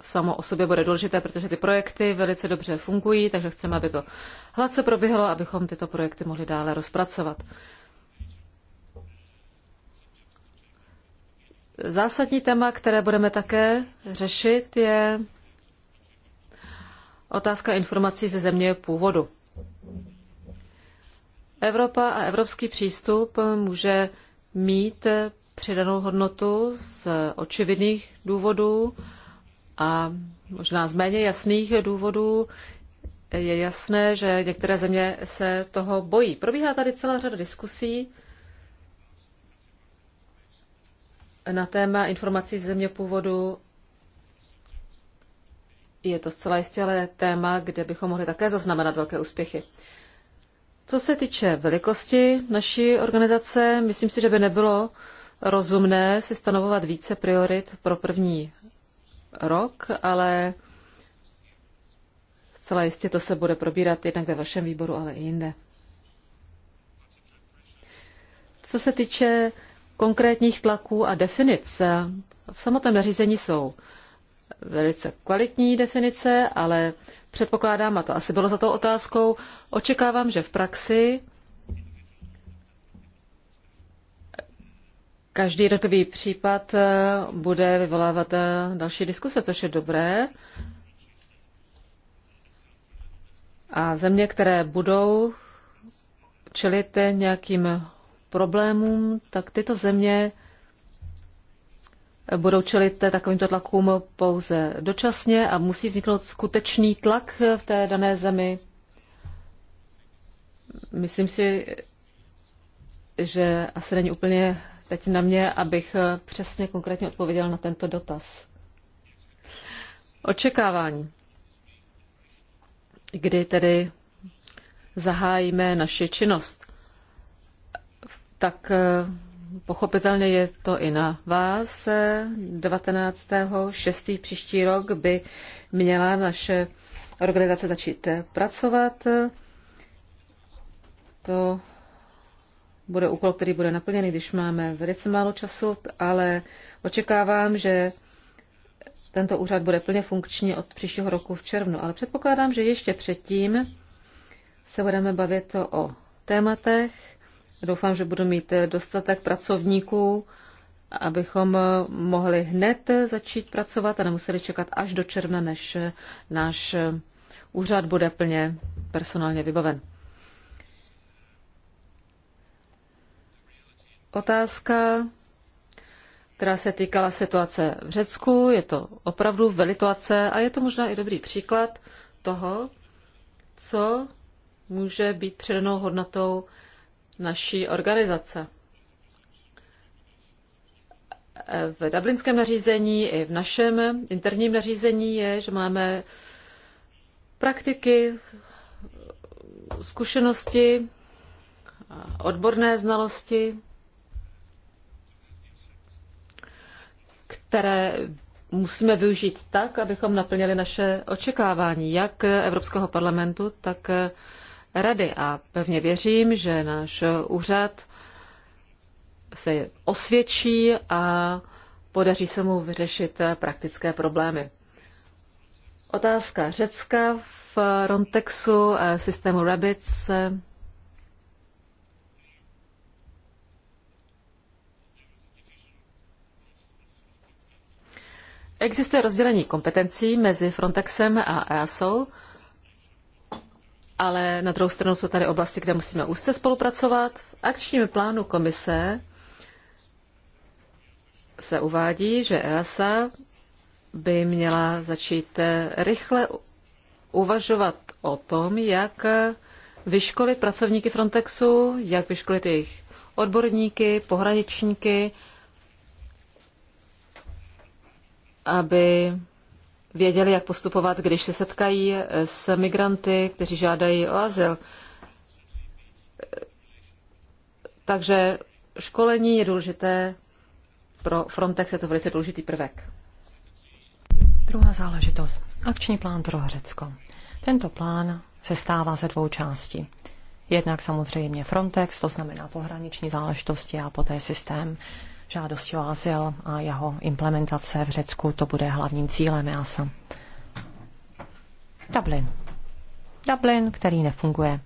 samo o sobě bude důležité, protože ty projekty velice dobře fungují, takže chceme, aby to hladce proběhlo, abychom tyto projekty mohli dále rozpracovat. Zásadní téma, které budeme také řešit, je Otázka informací ze země původu. Evropa a evropský přístup může mít přidanou hodnotu z očividných důvodů a možná z méně jasných důvodů. Je jasné, že některé země se toho bojí. Probíhá tady celá řada diskusí na téma informací ze země původu je to zcela jistě ale téma, kde bychom mohli také zaznamenat velké úspěchy. Co se týče velikosti naší organizace, myslím si, že by nebylo rozumné si stanovovat více priorit pro první rok, ale zcela jistě to se bude probírat jednak ve vašem výboru, ale i jinde. Co se týče konkrétních tlaků a definic, v samotném nařízení jsou velice kvalitní definice, ale předpokládám, a to asi bylo za tou otázkou, očekávám, že v praxi každý jednotlivý případ eh, bude vyvolávat eh, další diskuse, což je dobré. A země, které budou čelit nějakým problémům, tak tyto země budou čelit takovýmto tlakům pouze dočasně a musí vzniknout skutečný tlak v té dané zemi. Myslím si, že asi není úplně teď na mě, abych přesně konkrétně odpověděl na tento dotaz. Očekávání. Kdy tedy zahájíme naši činnost? Tak Pochopitelně je to i na vás. 19. 6. příští rok by měla naše organizace začít pracovat. To bude úkol, který bude naplněný, když máme velice málo času, ale očekávám, že tento úřad bude plně funkční od příštího roku v červnu. Ale předpokládám, že ještě předtím se budeme bavit o tématech, Doufám, že budu mít eh, dostatek pracovníků, abychom eh, mohli hned eh, začít pracovat a nemuseli čekat až do června, než náš úřad bude plně personálně vybaven. Otázka, která se týkala situace v Řecku, je to opravdu velituace a je to možná i dobrý příklad toho, co může být předanou hodnotou naší organizace. V dublinském nařízení i v našem interním nařízení je, že máme praktiky, zkušenosti, odborné znalosti, které musíme využít tak, abychom naplnili naše očekávání, jak Evropského parlamentu, tak rady a pevně věřím, že náš úřad se osvědčí a podaří se mu vyřešit praktické problémy. Otázka Řecka v Rontexu, eh, systému Rabbits. Eh. Existuje rozdělení kompetencí mezi Frontexem a EASO ale na druhou stranu jsou tady oblasti, kde musíme úzce spolupracovat. V akčním plánu komise se uvádí, že EASA by měla začít rychle uvažovat o tom, jak vyškolit pracovníky Frontexu, jak vyškolit jejich odborníky, pohraničníky, aby věděli, jak postupovat, když se setkají eh, s migranty, kteří žádají o azyl. Takže školení je důležité, pro Frontex je to velice důležitý prvek. Druhá záležitost. Akční plán pro Řecko. Tento plán se stává ze dvou částí. Jednak samozřejmě Frontex, to znamená pohraniční záležitosti a poté systém žádosti o azyl a jeho implementace v Řecku, to bude hlavním cílem EASA. Dublin. Dublin, který nefunguje.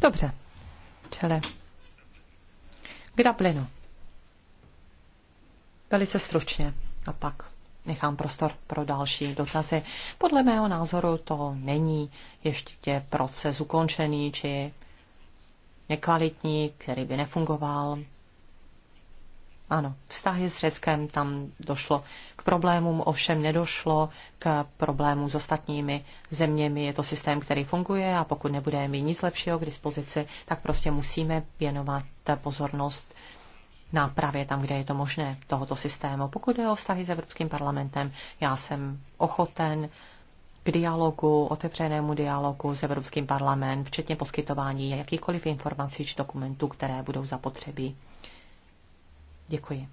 Dobře. Čele. K Dublinu. Velice stručně a pak nechám prostor pro další dotazy. Podle mého názoru to není ještě proces ukončený či nekvalitní, který by nefungoval. Ano, vztahy s Řeckem, tam došlo k problémům, ovšem nedošlo k problémům s ostatními zeměmi. Je to systém, který funguje a pokud nebudeme mít nic lepšího k dispozici, tak prostě musíme věnovat pozornost nápravě tam, kde je to možné, tohoto systému. Pokud je o vztahy s Evropským parlamentem, já jsem ochoten dialogu, otevřenému dialogu s Evropským parlamentem, včetně poskytování jakýchkoliv informací či dokumentů, které budou zapotřebí. Děkuji.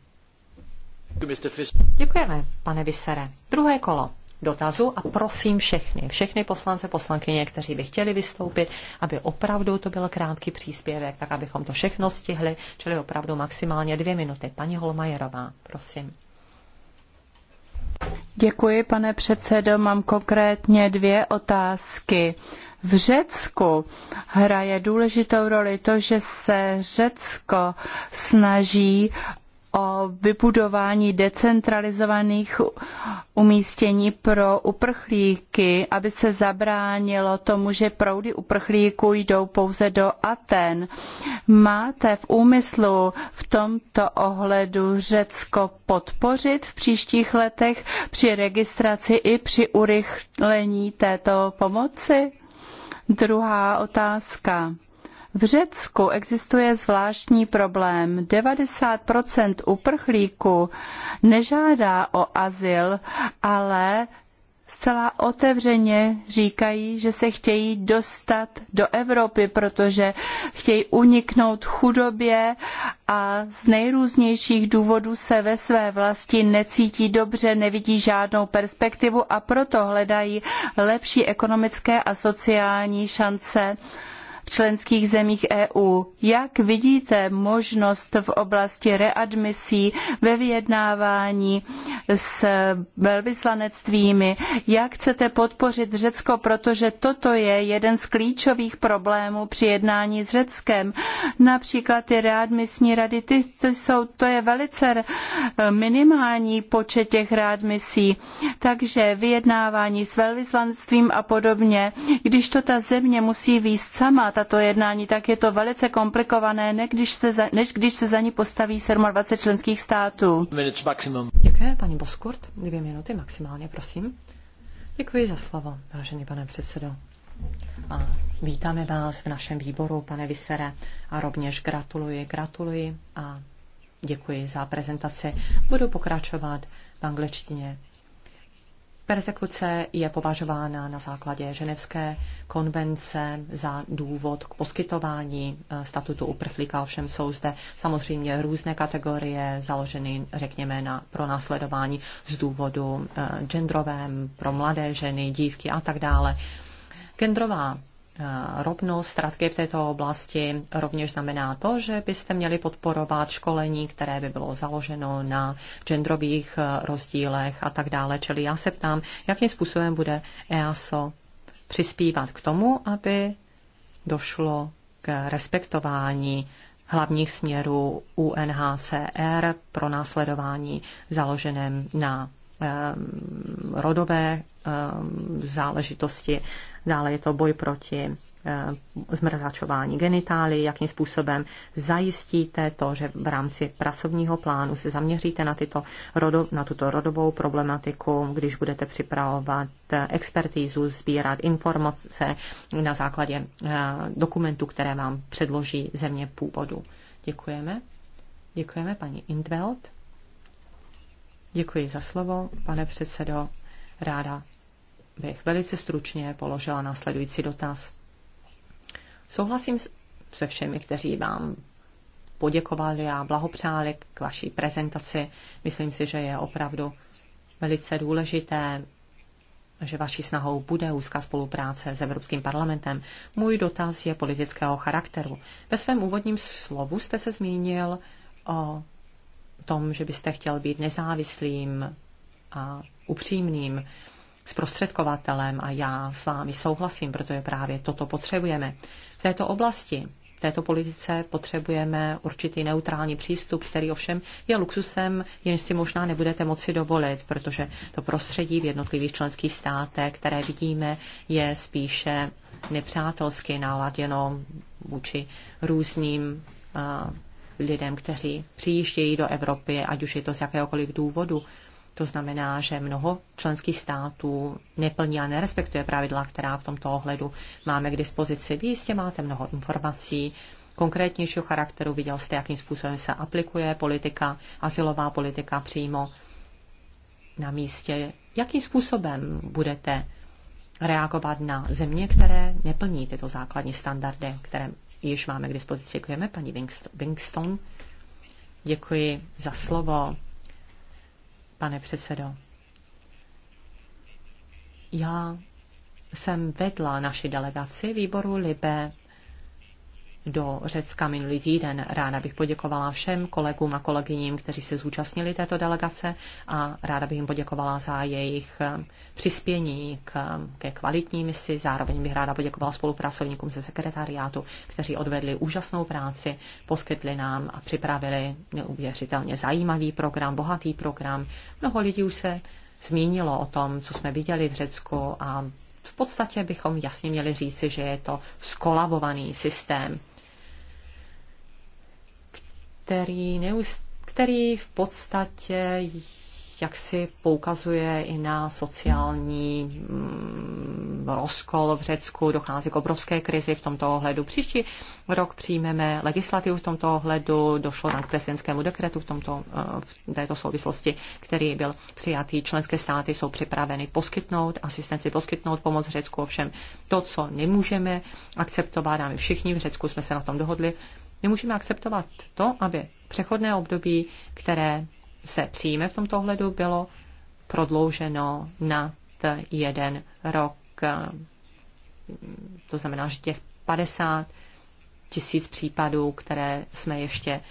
Děkujeme, pane Vysere. Druhé kolo dotazu a prosím všechny, všechny poslance, poslankyně, kteří by chtěli vystoupit, aby opravdu to byl krátký příspěvek, tak abychom to všechno stihli, čili opravdu maximálně dvě minuty. Paní Holmajerová, prosím. Děkuji, pane předsedo. Mám konkrétně dvě otázky. V Řecku hraje důležitou roli to, že se Řecko snaží o vybudování decentralizovaných umístění pro uprchlíky, aby se zabránilo tomu, že proudy uprchlíků jdou pouze do Aten. Máte v úmyslu v tomto ohledu Řecko podpořit v příštích letech při registraci i při urychlení této pomoci? Druhá otázka v Řecku existuje zvláštní problém. 90% uprchlíků nežádá o azyl, ale zcela otevřeně říkají, že se chtějí dostat do Evropy, protože chtějí uniknout chudobě a z nejrůznějších důvodů se ve své vlasti necítí dobře, nevidí žádnou perspektivu a proto hledají lepší ekonomické a sociální šance v členských zemích EU. Jak vidíte možnost v oblasti readmisí ve vyjednávání s velvyslanectvími? Jak chcete podpořit Řecko, protože toto je jeden z klíčových problémů při jednání s Řeckem. Například ty readmisní rady, ty, ty jsou, to je velice minimální počet těch readmisí, takže vyjednávání s velvyslanectvím a podobně, když to ta země musí výst sama, tato jednání, tak je to velice komplikované, ne když se za, než když se za ní postaví 27 členských států. Děkuji, paní Boskurt. Dvě minuty maximálně, prosím. Děkuji za slovo, vážený pane předsedo. A vítáme vás v našem výboru, pane Visere, a rovněž gratuluji, gratuluji a děkuji za prezentaci. Budu pokračovat v angličtině. Persekuce je považována na základě Ženevské konvence za důvod k poskytování eh, statutu uprchlíka, ovšem jsou zde samozřejmě různé kategorie založeny, řekněme, na pronásledování z důvodu eh, genderovém pro mladé ženy, dívky a tak dále. Gendrová Eh, rovnost strategie v této oblasti rovněž znamená to, že byste měli podporovat školení, které by bylo založeno na genderových eh, rozdílech a tak dále. Čili já se ptám, jakým způsobem bude EASO přispívat k tomu, aby došlo k respektování hlavních směrů UNHCR pro následování založeném na eh, rodové záležitosti Dále je to boj proti eh, zmrzačování genitálií, jakým způsobem zajistíte to, že v rámci pracovního plánu se zaměříte na, tyto, na tuto rodovou problematiku, když budete připravovat eh, expertízu, sbírat informace na základě eh, dokumentů, které vám předloží země původu. Děkujeme. Děkujeme paní Indveld. Děkuji za slovo, pane předsedo. Ráda bych velice stručně položila následující dotaz. Souhlasím se všemi, kteří vám poděkovali a blahopřáli k vaší prezentaci. Myslím si, že je opravdu velice důležité, že vaší snahou bude úzká spolupráce s Evropským parlamentem. Můj dotaz je politického charakteru. Ve svém úvodním slovu jste se zmínil o tom, že byste chtěl být nezávislým a upřímným zprostředkovatelem a já s vámi souhlasím, protože právě toto potřebujeme. V této oblasti v této politice potřebujeme určitý neutrální přístup, který ovšem je luxusem, jenž si možná nebudete moci dovolit, protože to prostředí v jednotlivých členských státech, které vidíme, je spíše nepřátelsky naladěno vůči různým uh, lidem, kteří přijíždějí do Evropy, ať už je to z jakéhokoliv důvodu. To znamená, že mnoho členských států neplní a nerespektuje pravidla, která v tomto ohledu máme k dispozici. Vy jistě máte mnoho informací, konkrétnějšího charakteru, viděl jste, jakým způsobem se aplikuje politika, asilová politika přímo na místě. Jakým způsobem budete reagovat na země, které neplní tyto základní standardy, které již máme k dispozici. Děkujeme, paní Wingston. Děkuji za slovo pane předsedo. Já jsem vedla naši delegaci výboru Libe do Řecka minulý týden. Ráda bych poděkovala všem kolegům a kolegyním, kteří se zúčastnili této delegace a ráda bych jim poděkovala za jejich eh, přispění k, eh, ke kvalitní misi. Zároveň bych ráda poděkovala spolupracovníkům ze sekretariátu, kteří odvedli úžasnou práci, poskytli nám a připravili neuvěřitelně zajímavý program, bohatý program. Mnoho lidí už se zmínilo o tom, co jsme viděli v Řecku a v podstatě bychom jasně měli říci, že je to skolabovaný systém který, neust, který v podstatě jak si poukazuje i na sociální mm, rozkol v Řecku, dochází k obrovské krizi v tomto ohledu. Příští rok přijmeme legislativu v tomto ohledu, došlo tam k prezidentskému dekretu v, tomto, eh, v této souvislosti, který byl přijatý. Členské státy jsou připraveny poskytnout asistenci, poskytnout pomoc Řecku, ovšem to, co nemůžeme akceptovat, a my všichni v Řecku jsme se na tom dohodli, Nemůžeme akceptovat to, aby přechodné období, které se přijme v tomto ohledu, bylo prodlouženo na jeden rok. To znamená, že těch 50 tisíc případů, které jsme ještě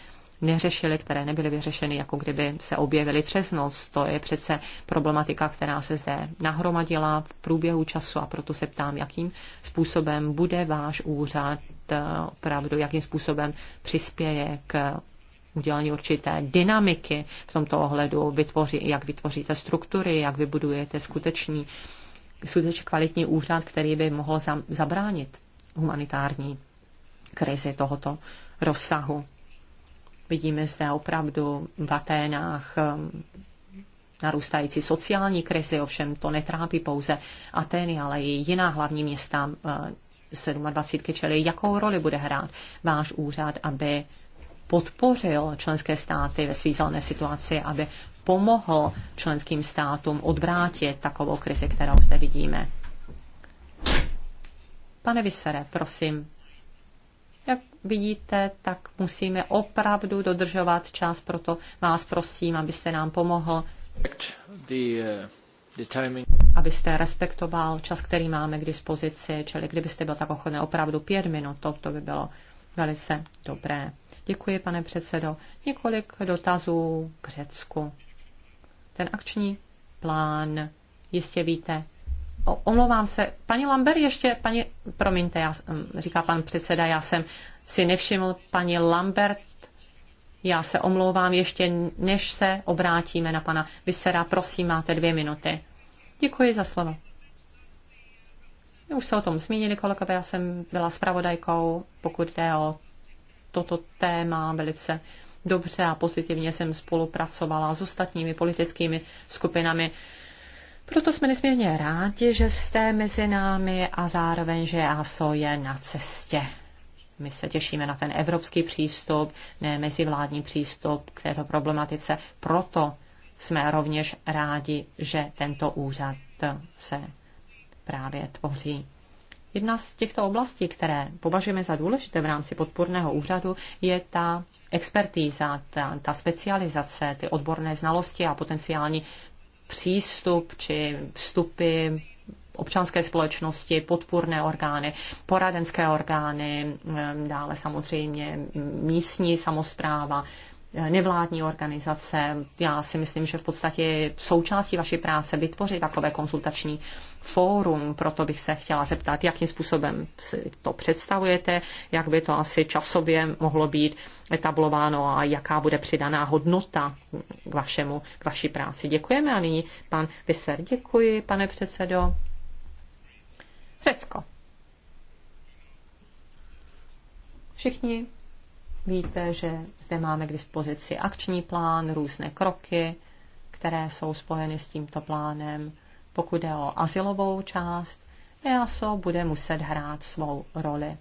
neřešili, které nebyly vyřešeny, jako kdyby se objevily přes noc. To je přece problematika, která se zde nahromadila v průběhu času a proto se ptám, jakým způsobem bude váš úřad Eh, opravdu, jakým způsobem přispěje k udělání určité dynamiky v tomto ohledu, vytvoří, jak vytvoříte struktury, jak vybudujete skutečný, skutečně kvalitní úřad, který by mohl zabránit humanitární krizi tohoto rozsahu. Vidíme zde opravdu v Aténách eh, narůstající sociální krizi, ovšem to netrápí pouze Atény, ale i jiná hlavní města eh, 27, čili jakou roli bude hrát váš úřad, aby podpořil členské státy ve svízelné situaci, aby pomohl členským státům odvrátit takovou krizi, kterou zde vidíme. Pane Vysere, prosím, jak vidíte, tak musíme opravdu dodržovat čas, proto vás prosím, abyste nám pomohl. The, uh abyste respektoval čas, který máme k dispozici, čili kdybyste byl tak ochotný opravdu pět minut, to, to by bylo velice dobré. Děkuji, pane předsedo. Několik dotazů k Řecku. Ten akční plán, jistě víte, o, omlouvám se, paní Lambert ještě, paní, promiňte, já, říká pan předseda, já jsem si nevšiml, paní Lambert já se omlouvám ještě, než se obrátíme na pana Vysera. Prosím, máte dvě minuty. Děkuji za slovo. Už se o tom zmínili kolegové, já jsem byla spravodajkou, pokud jde o toto téma velice dobře a pozitivně jsem spolupracovala s ostatními politickými skupinami. Proto jsme nesmírně rádi, že jste mezi námi a zároveň, že ASO je na cestě my se těšíme na ten evropský přístup, ne mezivládní přístup k této problematice. Proto jsme rovněž rádi, že tento úřad se právě tvoří. Jedna z těchto oblastí, které považujeme za důležité v rámci podporného úřadu, je ta expertíza, ta, ta specializace, ty odborné znalosti a potenciální přístup či vstupy občanské společnosti, podpůrné orgány, poradenské orgány, ehm, dále samozřejmě místní samozpráva, eh, nevládní organizace. Já si myslím, že v podstatě součástí vaší práce vytvořit takové konzultační fórum. Proto bych se chtěla zeptat, jakým způsobem si to představujete, jak by to asi časově mohlo být etablováno a jaká bude přidaná hodnota k, vašemu, k vaší práci. Děkujeme a nyní pan Vyser. Děkuji, pane předsedo. Řecko. Všichni víte, že zde máme k dispozici akční plán, různé kroky, které jsou spojeny s tímto plánem. Pokud je o asilovou část, EASO bude muset hrát svou roli.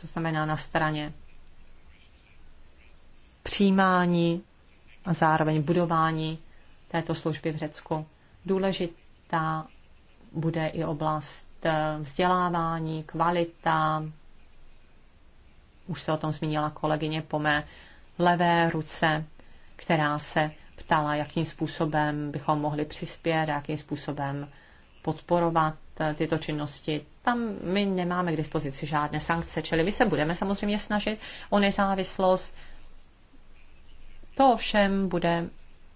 To znamená na straně přijímání a zároveň budování této služby v Řecku. Důležit, ta bude i oblast eh, vzdělávání, kvalita. Už se o tom zmínila kolegyně po mé levé ruce, která se ptala, jakým způsobem bychom mohli přispět, jakým způsobem podporovat eh, tyto činnosti. Tam my nemáme k dispozici žádné sankce, čili my se budeme samozřejmě snažit o nezávislost. To ovšem bude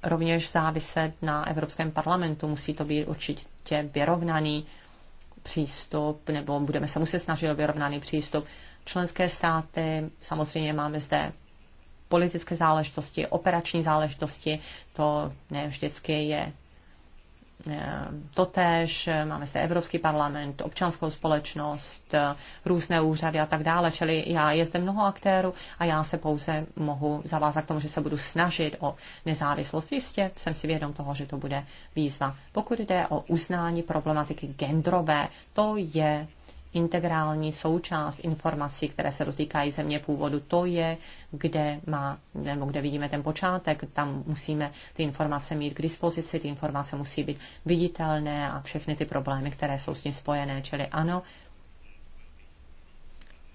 rovněž záviset na Evropském parlamentu. Musí to být určitě vyrovnaný přístup, nebo budeme se muset snažit o vyrovnaný přístup. Členské státy, samozřejmě máme zde politické záležitosti, operační záležitosti, to ne vždycky je Eh, totéž, eh, máme zde Evropský parlament, občanskou společnost, eh, různé úřady a tak dále, čili já je zde mnoho aktérů a já se pouze mohu zavázat k tomu, že se budu snažit o nezávislost. Jistě jsem si vědom toho, že to bude výzva. Pokud jde o uznání problematiky genderové, to je integrální součást informací, které se dotýkají země původu. To je, kde, má, nebo kde vidíme ten počátek. Tam musíme ty informace mít k dispozici, ty informace musí být viditelné a všechny ty problémy, které jsou s tím spojené. Čili ano,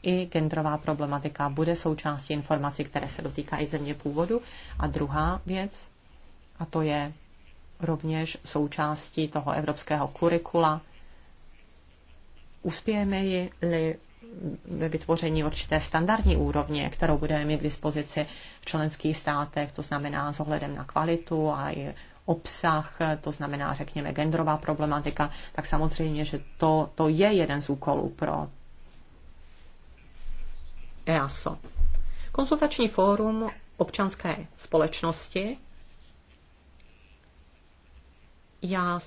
i genderová problematika bude součástí informací, které se dotýkají země původu. A druhá věc, a to je rovněž součástí toho evropského kurikula, uspějeme-li ve vytvoření určité standardní úrovně, kterou budeme mít k dispozici v členských státech, to znamená s ohledem na kvalitu a i obsah, to znamená, řekněme, genderová problematika, tak samozřejmě, že to, to je jeden z úkolů pro EASO. Konzultační fórum občanské společnosti. Já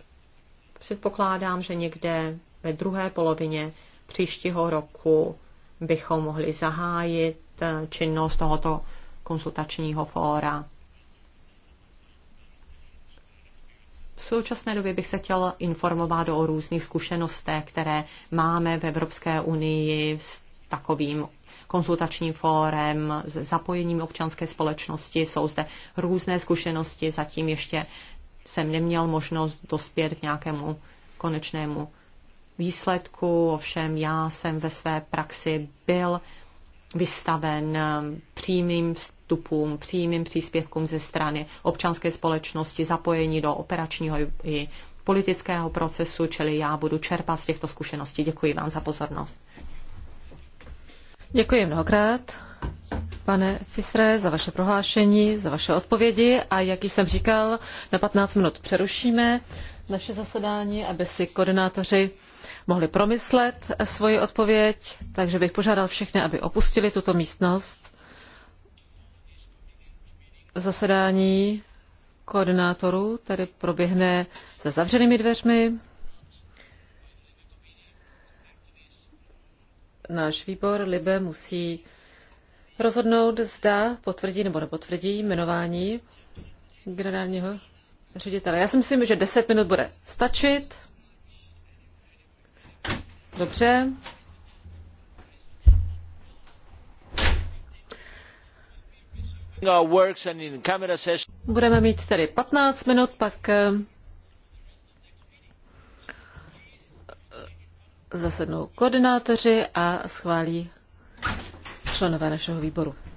předpokládám, že někde ve druhé polovině příštího roku bychom mohli zahájit eh, činnost tohoto konsultačního fóra. V současné době bych se chtěla informovat o různých zkušenostech, které máme v Evropské unii s takovým konzultačním fórem, s zapojením občanské společnosti. Jsou zde různé zkušenosti, zatím ještě jsem neměl možnost dospět k nějakému konečnému výsledku, ovšem já jsem ve své praxi byl vystaven přímým vstupům, přímým příspěvkům ze strany občanské společnosti, zapojení do operačního i politického procesu, čili já budu čerpat z těchto zkušeností. Děkuji vám za pozornost. Děkuji mnohokrát, pane Fisre, za vaše prohlášení, za vaše odpovědi a jak již jsem říkal, na 15 minut přerušíme naše zasedání, aby si koordinátoři mohli promyslet svoji odpověď, takže bych požádal všechny, aby opustili tuto místnost. Zasedání koordinátorů tady proběhne za zavřenými dveřmi. Náš výbor Libe musí rozhodnout, zda potvrdí nebo nepotvrdí jmenování generálního ředitele. Já si myslím, že 10 minut bude stačit. Dobře. Budeme mít tedy 15 minut, pak eh, zasednou koordinátoři a schválí členové našeho výboru.